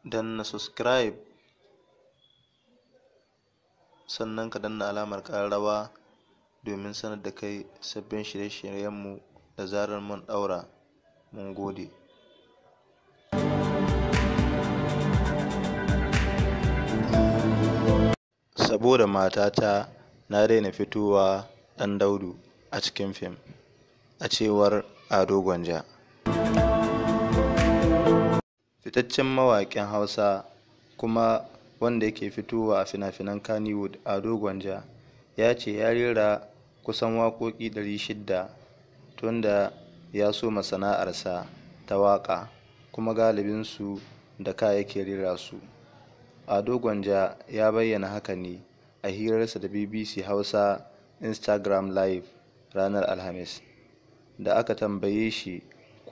danna subscribe sannan ka danna alamar ƙararrawa domin sanar da kai sabbin shirye-shiryenmu da zarar mun ɗaura mun gode saboda matata na daina fitowa ɗan daudu a cikin fim a cewar ado gwanja fitaccen mawaƙin hausa kuma wanda yake fitowa a fina-finan kannywood ado gwanja ya ce ya rera kusan waƙoƙi 600 tun da ya soma sana'arsa ta waƙa kuma galibinsu da ka yake rera su ado gwanja ya bayyana haka ne a hirarsa da bbc hausa instagram live ranar alhamis da aka tambaye shi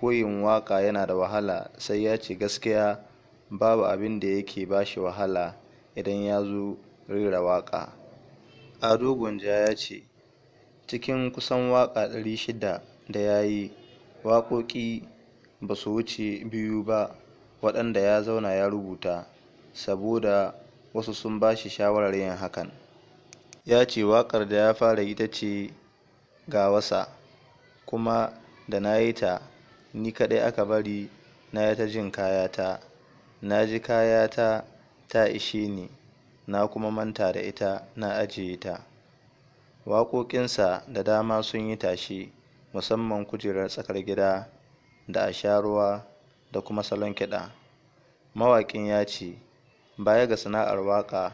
koyin waƙa yana da wahala sai ya ce gaskiya babu abin da yake ba shi wahala idan ya zo rera waƙa ado gwanja ya ce cikin kusan waƙa ɗari shida da ya yi waƙoƙi ba su wuce biyu ba waɗanda ya zauna ya rubuta saboda wasu sun ba shi shawarar yin hakan ya ce waƙar da ya fara ita ce ga wasa kuma da na yi ta ni kaɗai aka bari na ta jin kayata na ji kayata ta ishe ni na kuma manta da ita na ajiye ta waƙoƙinsa da dama sun yi tashe musamman kujerar tsakar gida da a da kuma salon kiɗa mawaƙin ya ce baya ga sana'ar waƙa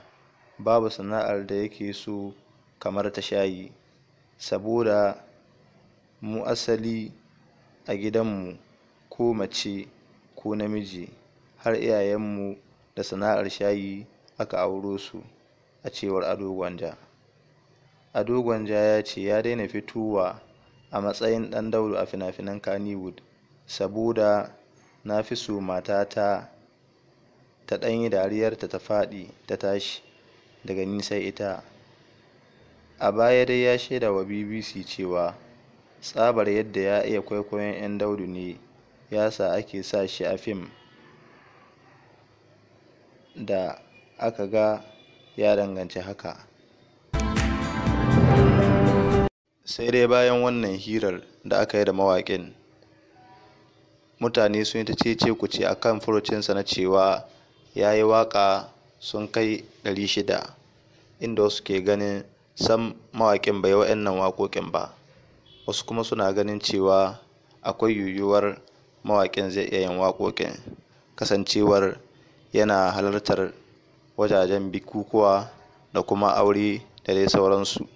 babu sana'ar da yake so kamar ta shayi saboda mu asali a gidanmu ko mace ko namiji har iyayenmu da sana'ar shayi aka auro su a cewar ado gwanja ado gwanja ya ce ya daina fitowa a matsayin ɗan daudu a fina-finan kannywood saboda na fi so matata ta ɗanyi dariyarta ta faɗi ta tashi daga nisa ita a baya dai ya shaida wa bbc cewa tsabar yadda ya iya kwaikwayon 'yan daudu ne ya sa ake sa shi a fim da aka ga ya danganci haka sai dai bayan wannan hirar da aka yi da mawaƙin mutane sun yi ta cece kuce a kan furucinsa na cewa ya yi waƙa sun kai 600 inda wasu ke ganin sam mawaƙin bai wa'annan waƙoƙin ba wasu kuma suna ganin cewa akwai yiwuwar mawaƙin zai iya yin waƙoƙin kasancewar yana halartar wajajen bikukuwa da kuma aure da dai sauransu